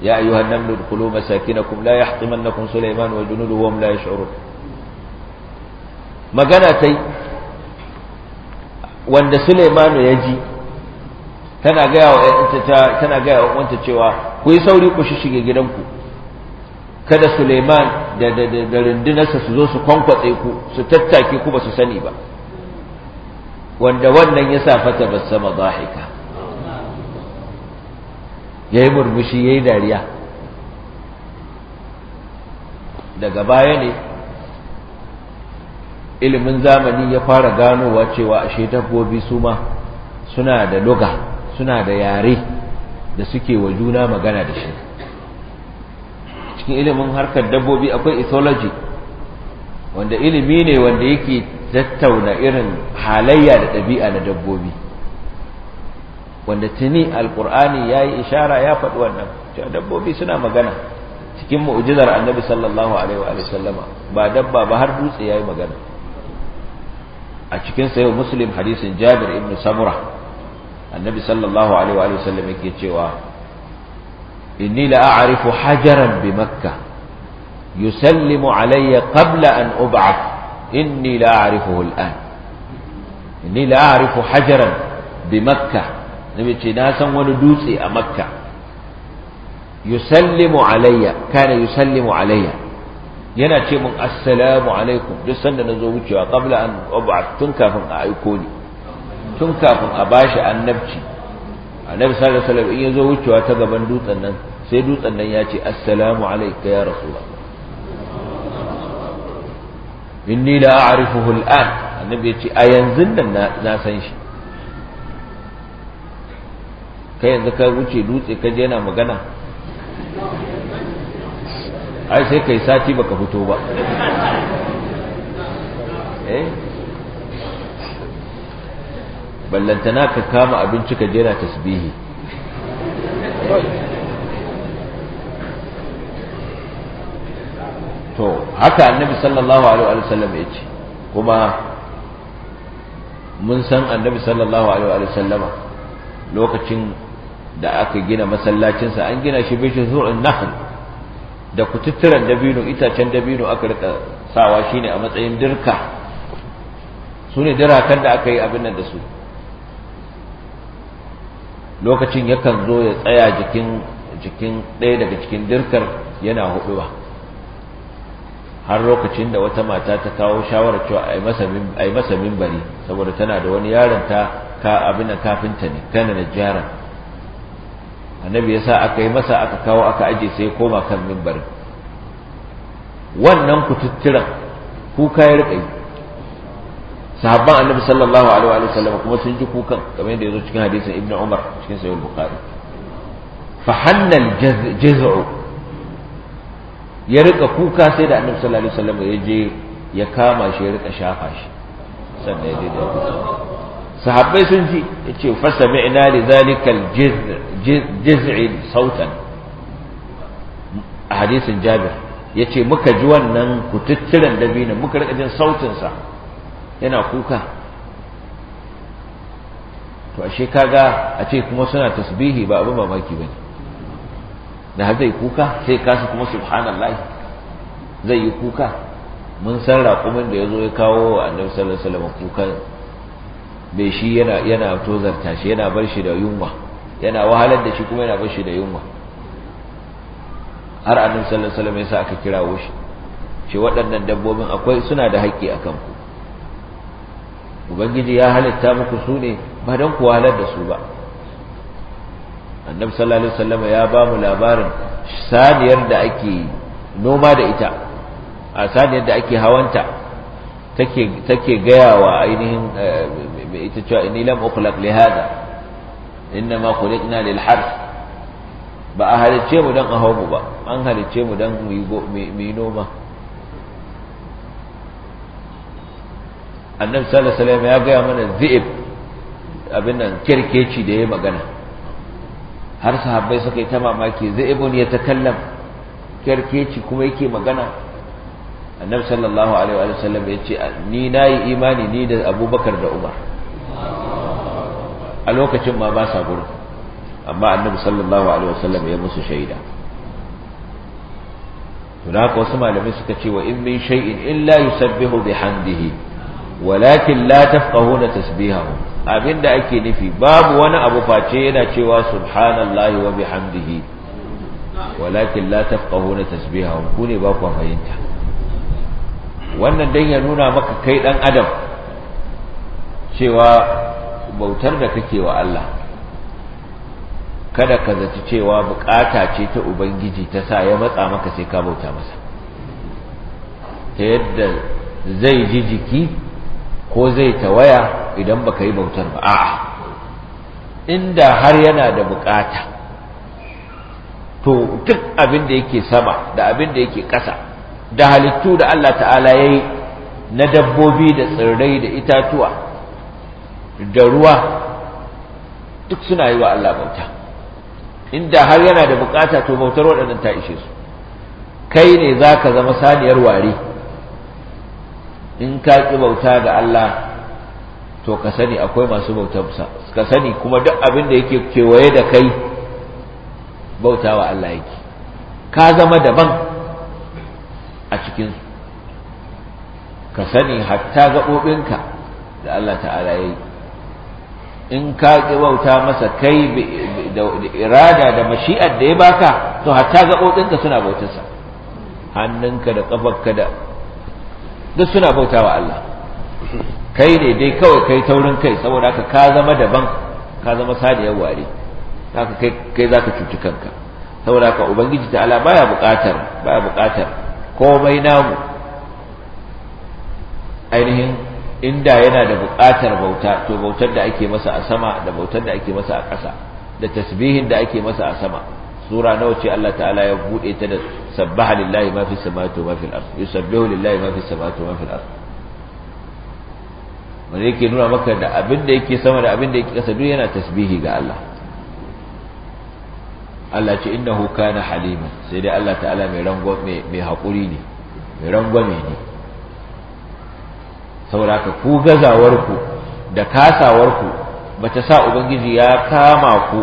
A: ya ayyuhan namlu dkhulu masakinakum la yahtimannakum sulayman wa junuduhu wa la yash'urun magana ta yi, wanda Sulaimanu ya ji tana gaya wa tana gaya wa wanta cewa ku yi sauri ku shige gidanku
B: kada Suleiman da da rundunarsa su zo su kwankwatse ku su tattake ku ba su sani
A: ba wanda wannan ya sa fata basama Ya yi murmushi yayi dariya daga baya ne ilimin zamani ya fara ganowa cewa ashe dabbobi su ma suna da luga suna da yare da suke wa juna magana da shi cikin ilimin harkar dabbobi akwai ethology wanda ilimi ne wanda yake tattauna irin halayya da ɗabi'a na dabbobi wanda tuni alkur'ani ya yi ishara ya faɗi wannan cewa dabbobi suna magana cikin mu'jizar annabi sallallahu alaihi wa sallama ba dabba ba har dutse ya yi magana a cikin sayo muslim hadisin jabir ibn samura annabi sallallahu alaihi wa sallam yake cewa inni la a'rifu hajaran bi makka yusallimu alayya qabla an ub'ath inni la a'rifuhu al'an inni la a'rifu hajaran bi makka nabi ce na san wani dutse a makka yusallimu alayya kana yusallimu alayya yana ce mun assalamu alaikum duk sanda na zo wucewa kabla an ub'at tun kafin a aiko ni tun kafin a bashi annabci annabi sallallahu alaihi wasallam in ya zo wucewa ta gaban dutsen nan sai dutsen nan ya ce assalamu alayka ya rasulullah inni la a'rifuhu al'an annabi ya ce a yanzu nan na san shi kai yanzu ka wuce dutse ka je yana magana
C: ai sai kai sati baka fito ba eh
A: ballantana ka kama abinci ka jera tasbihi to haka annabi sallallahu alaihi wasallam ya ce kuma mun san annabi sallallahu alaihi wasallama lokacin da aka gina masallacinsa an gina shi bishin zuwa nahl da kututturan dabino itacen dabino aka rika sawa shine a matsayin dirka su ne dirakan da aka yi abin nan da su lokacin yakan zo ya tsaya jikin jikin ɗaya daga cikin dirkar yana huɗuwa har lokacin da wata mata ta kawo shawarar cewa a yi masa mimbari saboda tana da wani yaron ta ka abin da kafinta ne kana da jaran annabi ya sa aka yi masa aka kawo aka aje sai ya koma kan mimbarin wannan kututturan kuka ya rikai sahabban annabi sallallahu alaihi wa sallam kuma sun ji kukan kamar yadda ya zo cikin hadisin ibnu umar cikin sahih bukhari fa hannal jaz'u ya rika kuka sai da annabi sallallahu alaihi wa sallam ya je ya kama shi ya rika shafa shi sannan ya je da sahabbai sun ji ya ce fasami ina da zalikar jiz'in sautan a hadisin jabir ya ce muka ji wannan kututturen dabinin muka rika jin sautinsa yana kuka to ashe kaga a ce kuma suna tasbihi ba abin mamaki ne da har zai kuka sai kasa kuma subhanallah zai yi kuka mun san raƙumin da ya zo ya kawo annabi sallallahu alaihi wasallam kukan mai shi yana tozarta shi yana bar shi da yunwa yana wahalar da shi kuma yana bar shi da yunwa har annin salasalam ya sa aka kirawo shi ce waɗannan dabbobin akwai suna da haƙƙi a kanku. ubangiji ya halitta muku su ne ba don ku wahalar da su ba annabi sallallahu ya ba mu labarin saniyar da ake noma da ita a saniyar da ake hawanta take take gayawa ainihin eh, mai ita cewa inni lam ukhlaq li hada innama khuliqna lil harf ba a halice mu dan a mu ba an halice mu dan mu yi noma annabi sallallahu alaihi wasallam ya gaya mana zi'ib abin nan kirkeci da ya magana har sahabbai suka yi ta mamaki zi'ibun ya takallam kirkeci kuma yake magana annabi sallallahu alaihi wasallam ya ce ni nayi imani ni da abubakar da umar a lokacin ma ba sa gurin amma annabi sallallahu alaihi wasallam ya musu shaida to wasu malamai suka ce wa in min shay'in illa yusabbihu bihamdihi walakin la tafqahuna tasbihahu abinda ake nufi babu wani abu face yana cewa subhanallahi wa bihamdihi walakin la tafqahuna tasbihahu ku ne ba ku fahimta wannan dan ya nuna maka kai dan adam cewa bautar da kake wa Allah kada ka zaci cewa bukata ce ta ubangiji ta sa ya matsa maka sai ka bauta masa ta yadda zai ji jiki ko zai tawaya idan baka yi bautar ba a'a inda har yana da bukata to duk abin da yake sama da abin da yake ƙasa da halittu da Allah ta'ala ya yi na dabbobi da tsirrai da itatuwa da ruwa duk suna yi wa Allah bauta inda har yana da bukata to bautar waɗannan ta ishe su kai ne za ka zama saniyar ware in ka ƙi bauta ga Allah to ka sani akwai masu bautar ka sani kuma duk abin da yake kewaye da kai bauta wa Allah yake ka zama daban a cikin ka sani hatta gaɓoɓinka da Allah ta'ala ya yi in ka ƙi bauta masa kai da irada da mashi'ar da ya baka to hatta gaɓoɓinka suna bautarsa hannunka da ƙafarka da duk suna bauta wa Allah kai ne dai kawai kai taurin kai saboda haka ka zama daban ka zama saniyar ware haka kai kai zaka cuci kanka saboda haka ubangiji ta'ala baya buƙatar baya buƙatar komai namu ainihin inda yana da buƙatar bauta to bautar da ake masa a sama da bautar da ake masa a ƙasa da tasbihin da ake masa a sama sura nawa ce Allah ta'ala ya bude ta da sabbaha lillahi ma fi samawati wa ma fil ardh yusabbihu lillahi ma fi samawati wa ma fil ardh wanda yake nuna maka da abin da yake sama da abin da yake ƙasa duk yana tasbihi ga Allah Allah ce innahu kana halima sai dai Allah ta'ala mai rango mai haƙuri ne mai rangwame ne saboda ku gazawarku da kasawarku ta sa ubangiji ya kama ku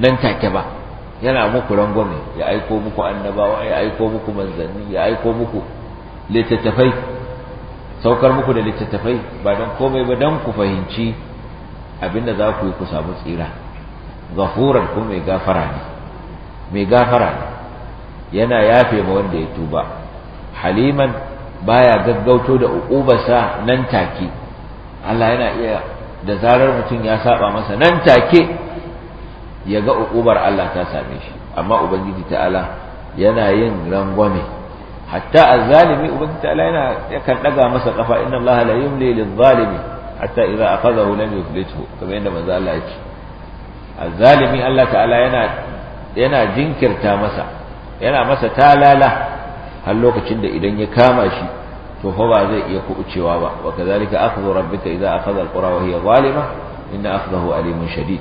A: nan take ba yana muku rangwame ya aiko muku annabawa ya aiko muku manzanni ya aiko muku littattafai saukar muku da littattafai ba don komai ba don ku fahimci abinda za ku yi ku samu tsira gafuran ko mai gafara ne mai gafara ne yana yafe ma wanda ya tuba haliman baya gaggauto da uƙubarsa nan take Allah yana iya da zarar mutum ya saba masa nan take ya ga uƙubar Allah ta same shi amma ubangiji ta'ala yana yin rangwame hatta azzalimi ubangiji ta'ala yana yakan daga masa kafa inna Allah la yumli lizzalimi hatta idza aqadahu lam yuflithu kamar yadda manzo Allah ya ce azzalimi Allah ta'ala yana yana jinkirta masa yana masa talala har lokacin da idan ya kama shi to fa ba zai iya kuɓucewa ba wa kazalika akhdhu rabbika idza akhadha alqura wa hiya zalima inna akhdahu alimun shadid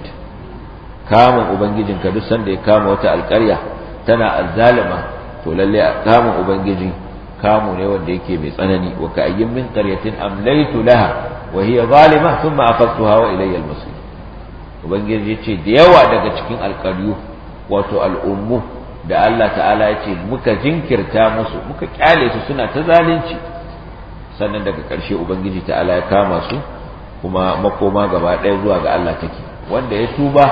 A: kamun ubangijinka duk sanda ya kama wata alƙarya tana azzalima to lalle kamun ubangiji kamu ne wanda yake mai tsanani wa ka ayyin min qaryatin amlaytu laha wa hiya zalima thumma akhadtuha wa ilayya al ubangiji yace da yawa daga cikin alƙaryu wato al'ummu da Allah ta'ala yace muka jinkirta musu muka kyale su suna ta zalunci sannan daga ƙarshe ubangiji ta'ala ya kama su kuma makoma gaba ɗaya zuwa ga Allah take wanda ya tuba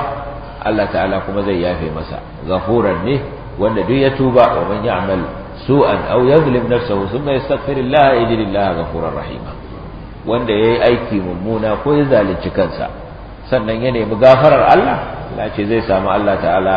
A: Allah ta'ala kuma zai yafe masa zafuran ne wanda duk ya tuba wa man ya'mal su'an aw yadhlim nafsahu thumma yastaghfirullah yajid ghafurar rahima wanda yayi aiki mummuna ko ya zalunci kansa sannan ya nemi gafarar Allah Allah ce zai samu Allah ta'ala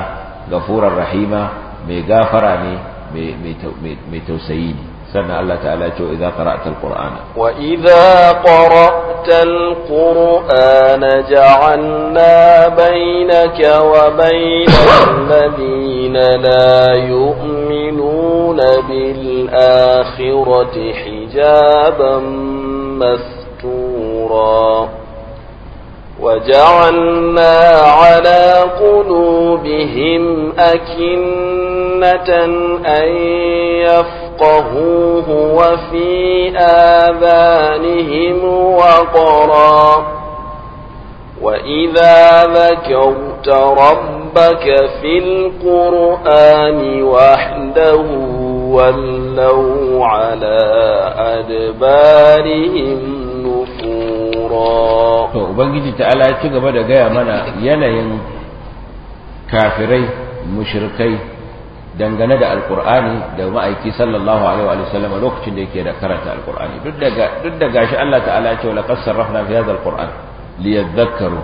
A: ghafurar rahima mai gafara ne mai tausayi ne sannan Allah ta'ala ce idza qara'ta alqur'ana
B: wa idza qara'ta alqur'ana ja'alna bainaka wa bainal ladina la yu'minuna bil akhirati hijaban mastura وجعلنا على قلوبهم أكنة أن يفقهوا فَقَهُوهُ وَفِي آذَانِهِمْ وَقْرًا وَإِذَا ذَكَرْتَ رَبَّكَ فِي الْقُرْآنِ وَحْدَهُ ولوا عَلَى أَدْبَارِهِمْ نُفُورًا
A: to ubangiji ta'ala ya ci gaba da ga mana yanayin dangane da alkur'ani da ma'aiki sallallahu alaihi wa sallam lokacin da yake da karanta alkur'ani duk daga duk da gashi Allah ta'ala ya ce la qasarrafna fi hadha alquran liyadhakkaru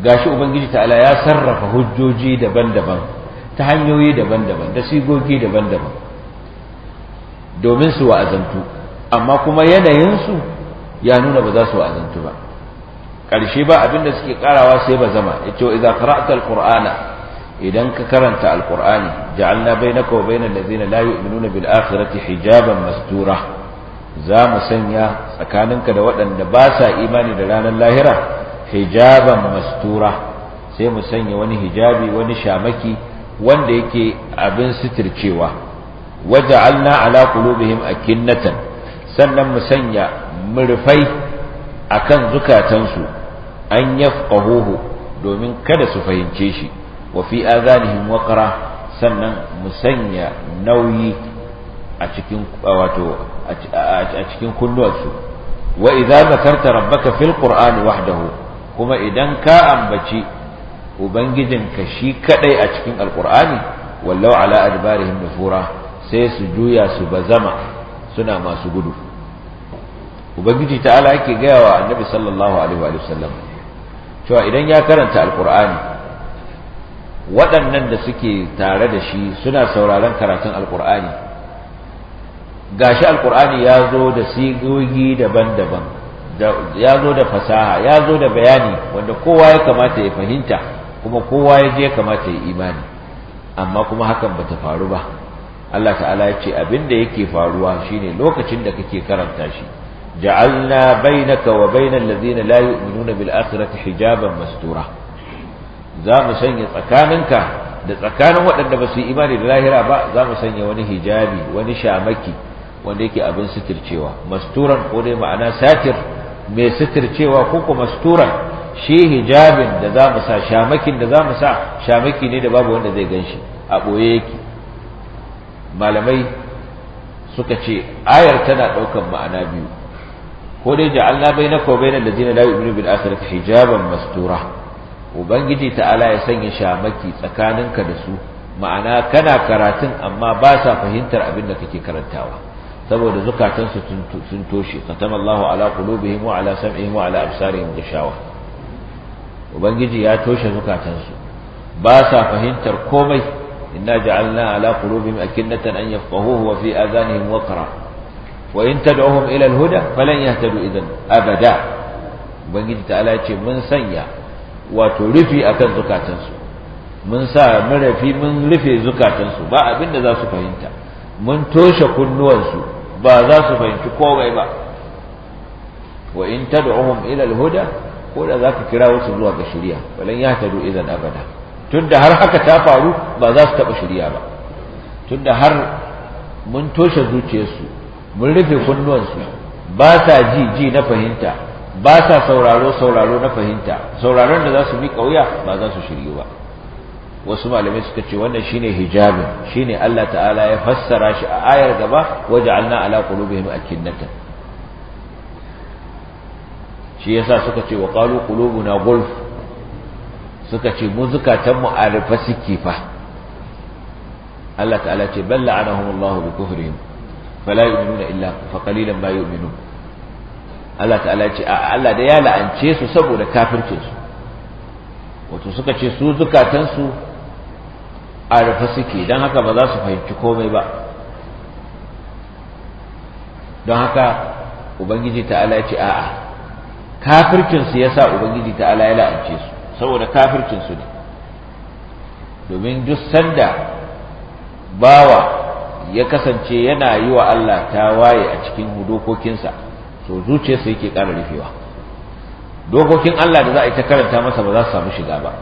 A: gashi ubangiji ta'ala ya sarrafa hujjoji daban-daban ta hanyoyi daban-daban da sigogi daban-daban domin su wa'azantu amma kuma yanayin su ya nuna ba za su wa'azantu ba ƙarshe ba abinda suke ƙarawa sai ba zama yace iza qara'ta alqur'ana idan ka karanta alqur'ani ja'alna bainaka wa bainal ladzina la yu'minuna bil akhirati hijaban mastura za mu sanya tsakaninka da waɗanda ba sa imani da ranar lahira hijaban mastura sai mu sanya wani hijabi wani shamaki wanda yake abin sitircewa waja'alna ala qulubihim akinnatan sannan mu sanya murfai akan zukatansu an yafqahuhu domin kada su fahimce shi wa fi azanihim waqra sannan mu sanya nauyi a cikin wato a cikin kunnuwarsu wa idza zakarta rabbaka fil qur'ani wahdahu kuma idan ka ambaci ka shi kadai a cikin alqur'ani wallau ala adbarihim nufura sai su juya su bazama suna masu gudu ubangiji ta'ala yake gaya wa annabi sallallahu alaihi wa sallam cewa idan ya karanta alqur'ani waɗannan da suke tare da shi suna sauraron karatun alkur'ani gashi alƙur'ani ya zo da sigogi daban-daban ya zo da fasaha ya zo da bayani wanda kowa ya kamata ya fahimta kuma kowa ya je kamata ya imani amma kuma hakan bata faru ba Allah ta'ala ya ce abin da yake faruwa shine lokacin da kake karanta shi ja'alna bainaka wa bainal ladzina la yu'minuna bil akhirati hijaban mastura za mu sanya tsakaninka da tsakanin waɗanda ba su yi imani da lahira ba za mu sanya wani hijabi wani shamaki wanda yake abin suturcewa masturan ko dai ma'ana satir mai suturcewa ko kuma masturan shi hijabin da za mu sa shamakin da za mu sa shamaki ne da babu wanda zai gan shi a ɓoye yake malamai suka ce ayar tana ɗaukar ma'ana biyu ko dai ja'alna bainaka da bainal ladina la yu'minu bil akhirati hijaban mastura ubangiji ta'ala ya sanya shamaki tsakaninka da su ma'ana kana karatun amma ba sa fahimtar abin da kake karantawa saboda zukatansu sun toshe khatamallahu ala qulubihim wa ala sam'ihim wa ala absarihim gishawa ubangiji ya toshe zukatansu ba sa fahimtar komai inna ja'alna ala qulubihim akinnatan an yafqahuhu wa fi adhanihim waqra wa in tad'uhum ila al-huda falan yahtadu idan abada ubangiji ta'ala ya ce mun sanya wato rufi akan zukatansu mun sa marafi mun rufe zukatansu ba abin da za su fahimta mun toshe kunnuwansu ba za su fahimci komai ba wa in tad'uhum ila al-huda ko da zaka kira wasu zuwa ga shirya balan ya tadu idan abada tunda har haka ta faru ba za su taba shari'a ba tunda har mun toshe zuciyarsu mun rufe kunnuwansu ba sa ji ji na fahimta ba sa sauraro sauraro na fahimta sauraron da za su miƙa wuya ba za su shiryu ba wasu malamai suka ce wannan shine hijabin shine Allah ta'ala ya fassara shi a ayar gaba waja'alna ala qulubihim akinnatan shi yasa suka ce wa qalu qulubuna gulf suka ce mu zukatan mu arifa suke fa Allah ta'ala ce bal la'anahumullahu bi kufrihim fala yu'minuna illa fa qalilan ma yu'minun Allah ta'ala ce a Allah da ya la'ance su saboda su. wato suka ce su su a rufe suke don haka ba za su fahimci komai ba don haka ubangiji ta'ala ce a'a su ya sa ubangiji ta'ala ya la'ance su saboda su ne domin duk sanda bawa ya kasance yana yi wa Allah waye a cikin dokokinsa to zuciyarsa yake ƙara rufewa dokokin Allah da za a yi ta karanta masa ba za su samu shiga ba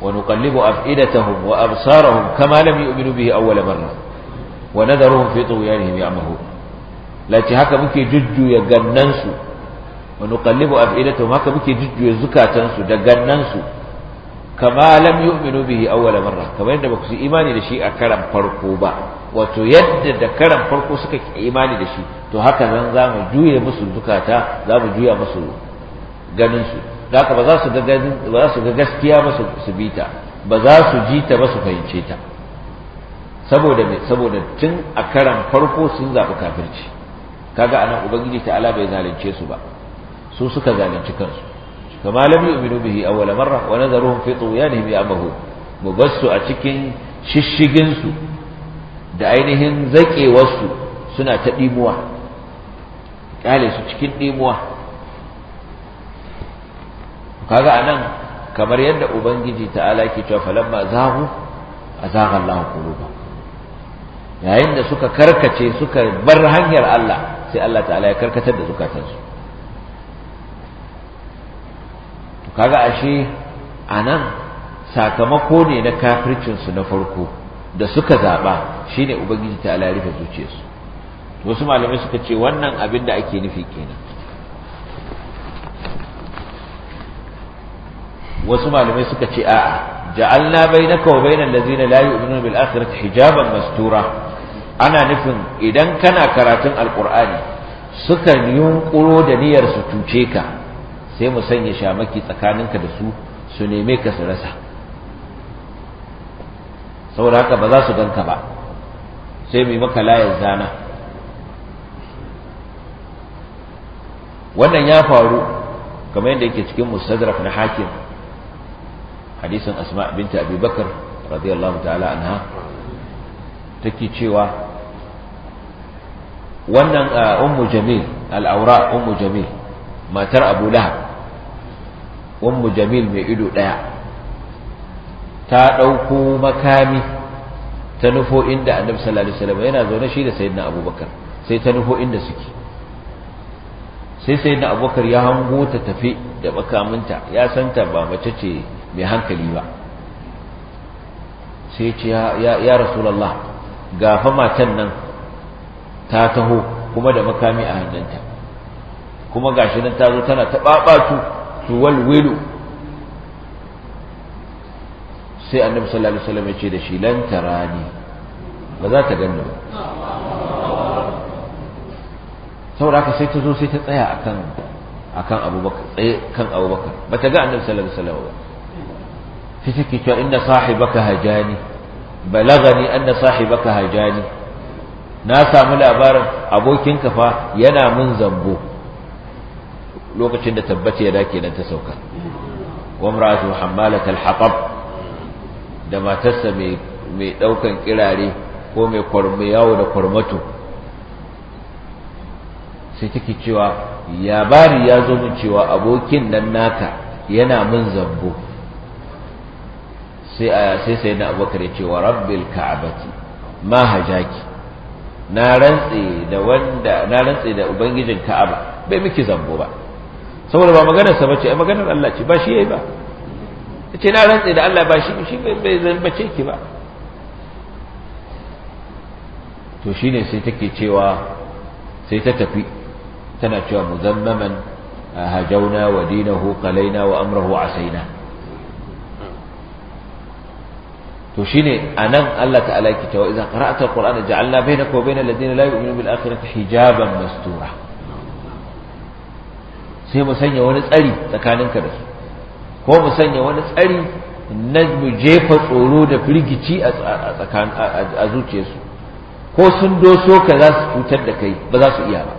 A: wa nuqallibu af'idatahum wa absarahum kama lam yu'minu bihi awwala marra wa nadharuhum fi tughyanihim ya'mahun lati haka muke jujjuya gannansu wa nuqallibu af'idatahum haka muke jujjuya zukatansu da gannansu kama lam yu'minu bihi awwala marra kamar yadda ba ku yi imani da shi a karan farko ba wato yadda da karan farko suka imani da shi to haka nan za mu juya musu zukata za mu juya musu ganin su da haka ba za su ga ba za su ga gaskiya ba su bi ta ba za su ji ta ba su fahimce ta saboda me saboda tun a karan farko sun zaɓi kafirci kaga anan ubangiji ala bai zalunce su ba su suka zalunci kansu kama lam yu'minu bihi awwala marra wa nadharuhum fi tuyanihim ya'mahu mubassu a cikin shishigin su da ainihin zaƙewarsu suna ta ɗimuwa ƙyale su cikin ɗimuwa kaga a nan kamar yadda ubangiji ta'ala ke cewa falamma zahu a zagar quluba yayin da suka karkace suka bar hanyar Allah sai Allah ta'ala ya karkatar da zukatansu kaga ashe a nan sakamako ne na kafircinsu na farko da suka zaɓa. shine ubangiji ta ala rufe zuciyarsu wasu malamai suka ce wannan abin da ake nufi kenan wasu malamai suka ce a'a ja'alna bainaka wa bainal ladzina la yu'minuna bil akhirati hijaban mastura ana nufin idan kana karatun alqur'ani suka yunkuro da niyyar su cuce ka sai mu sanya shamaki tsakaninka da su su neme ka su rasa saboda haka ba za su ganka ba sai mai maka layar zana wannan ya faru kamar yadda yake cikin mustadrak na hakim hadisin asma binta abubakar bakar radiyallahu ta'ala anha take cewa wannan ah, ummu jamil al'aura ummu jamil matar abu lahab ummu jamil mai ido ɗaya ta ɗauko makami ta nufo inda annabi sallallahu alaihi yana zaune shi da sayyidina abubakar sai ta nufo inda suke sai sayyidina abubakar ya hango ta tafi da makaminta ya san ta ba mace ce mai hankali ba sai ce ya ya rasulullah gafa matan nan ta taho kuma da makami a hannunta kuma gashi nan ta zo tana ta babatu tuwal wilu sai annabi sallallahu alaihi wasallam ya ce da shi lan tarani ba za ta ganni ba saboda haka sai ta zo sai ta tsaya akan akan abubakar tsaye kan abubakar ba ta ga annabi sallallahu alaihi wasallam ba sai take cewa inna sahibaka hajani balagani anna sahibaka hajani na samu labarin abokinka fa yana mun zambo lokacin da tabbace ya dake nan ta sauka wa imra'atu hammalat al-hatab da matarsa mai ɗaukan kirare ko mai kwarmi yawo da kwarmato sai take cewa yabari ya zo mu cewa abokin nan naka yana mun zambo sai a sai sai na abokar ya ce wa rabbil ka'abati ma hajaki na rantse da wanda na rantse da ubangijin ka'aba bai miki zambo ba saboda ba maganar sa bace ai maganar Allah ce ba shi yayi ba ta ce na rantse da Allah ba shi shi bai zan bace ki ba to ne sai take cewa sai ta tafi tana cewa muzammaman hajauna wa dinahu qalaina wa asaina to shine anan Allah ta'ala ki ta wa idza qara'ta alqur'ana ja'alna bainaka wa bainal ladina la yu'minuna bil akhirati hijaban mastura sai mu sanya wani tsari tsakaninka da su ko mu sanya wani tsari na mu jefa tsoro da firgici a zuciyarsu ko sun doso ka za su cutar da kai ba za su iya ba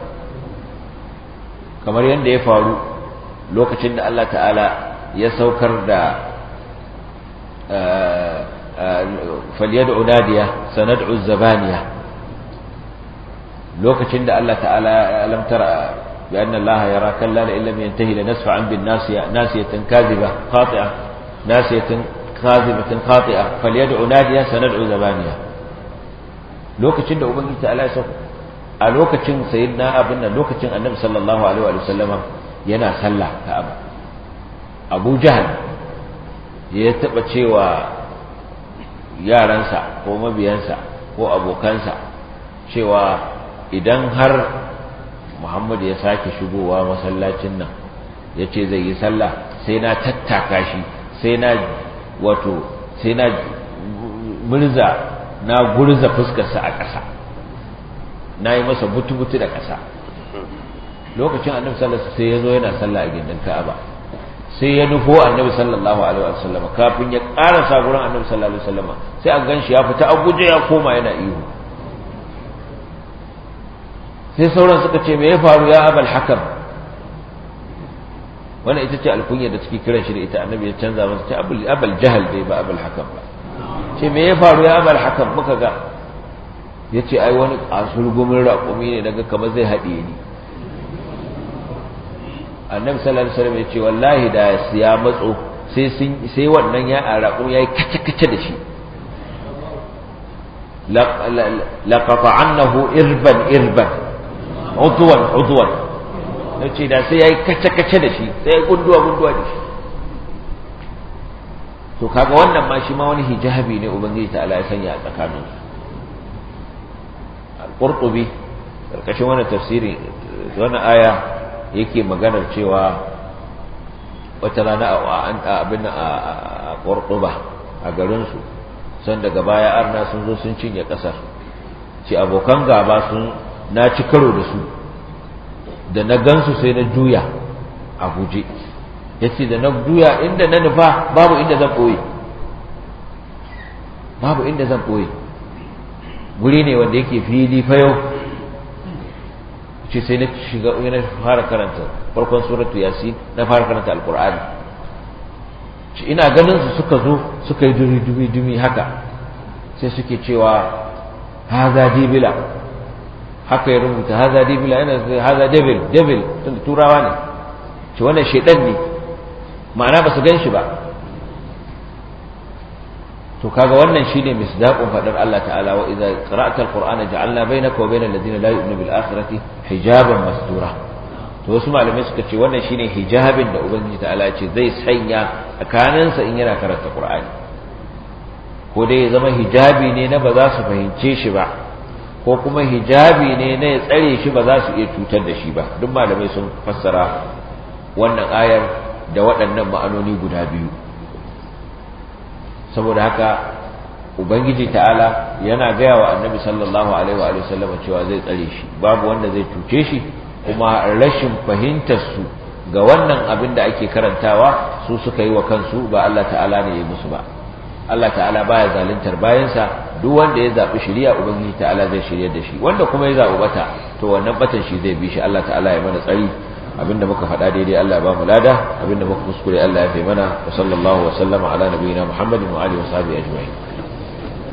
A: kamar yadda ya faru lokacin da Allah ta'ala ya saukar da eh, eh, falyad'u unadiya sanad'u zabaniya lokacin da Allah ta'ala Ya alamtara bi anna allaha yara kalla la illam yantahi la nasfa'an bin nasiya nasiyatan kadhiba khati'a nasiyatan kadhibatan khati'a falyad'u nadiya sanad'u zabaniya lokacin da ubangiji ta Allah a lokacin sayyidina abin nan lokacin annabi sallallahu alaihi wa sallama yana sallah ka'aba abu jahal ya taba cewa yaransa ko mabiyansa ko abokansa cewa idan har muhammad ya sake shigowa masallacin nan ya ce zai yi sallah sai na tattaka shi sai na wato sai na murza na gurza fuskarsa a ƙasa na yi masa butu-butu da ƙasa lokacin annabi sallallahu alaihi sai ya zo yana sallah a gindin ka'aba sai ya nufo annabi sallallahu alaihi wasallam kafin ya ƙarasa gurin annabi sallallahu alaihi wasallam sai an ganshi ya fita a guje ya koma yana ihu sai sauran suka ce me ya faru ya abal hakam wannan ita ce alkunya da suke kiran shi da ita annabi ya canza masa ce abal jahal dai ba abal hakam ba ce me ya faru ya abal hakam muka ga ya ce ai wani kasurgumin raƙumi ne daga kamar zai haɗe ni annabi sallallahu alaihi wasallam ya ce wallahi da ya matso sai sun sai wannan ya raƙumi yayi kace kace da shi لقطعنه irban irban uduwan uduwan na ce da sai ya yi kace-kace da shi sai ya gunduwa-gunduwa da shi to kaga wannan ma shi ma wani hijabi ne ubangiji ta ya sanya a tsakanin al-qurtubi karkashin wannan tafsiri wannan aya yake maganar cewa wata rana a an abin a qurtuba a garin su san daga baya arna sun zo sun cinye ƙasar ci abokan gaba sun na ci karo da su da na gansu sai na juya a guje ya ce da na juya inda na nufa babu inda zan ɓoye babu inda zan ɓoye guri ne wanda yake fili fayo ce sai na shiga na fara karanta farkon suratu yasin na fara karanta alkur'ani ce ina ganin su suka zo suka yi dumi dumi dumi haka sai suke cewa haza dibila haka ya rubuta haza devil ana haza devil devil tunda turawa ne ce wannan shedan ne ma'ana ba su gan shi ba to kaga wannan shine misdaqun faɗar Allah ta'ala wa idza qara'ta alqur'ana ja'alna bainaka wa bainal ladina la yu'minu bil akhirati hijaban mastura to wasu malamai suka ce wannan shine hijabin da ubangiji ta'ala ce zai sanya tsakaninsa in yana karanta qur'ani ko dai ya zama hijabi ne na ba za su fahimce shi ba ko kuma hijabi ne na ya tsare shi ba za su iya cutar da shi ba duk malamai sun fassara wannan ayar da waɗannan ma'anoni guda biyu saboda haka ubangiji ta'ala yana gaya wa annabi sallallahu alaihi wa sallam cewa zai tsare shi babu wanda zai cuce shi kuma rashin fahimtar su ga wannan abin da ake karantawa su suka yi wa kansu ba Allah ta'ala ne ya musu ba Allah ta'ala baya zaluntar bayansa duk wanda ya zabi shari'a ubangiji ta'ala zai shiryar da shi wanda kuma ya zaɓi bata to wannan batan shi zai bi shi Allah ta'ala ya mana tsari abinda muka faɗa daidai Allah ya ba mu lada abinda muka kuskure Allah ya fi mana wa sallallahu wa sallama ala nabiyyina Muhammadin wa alihi wa sahbihi ajma'in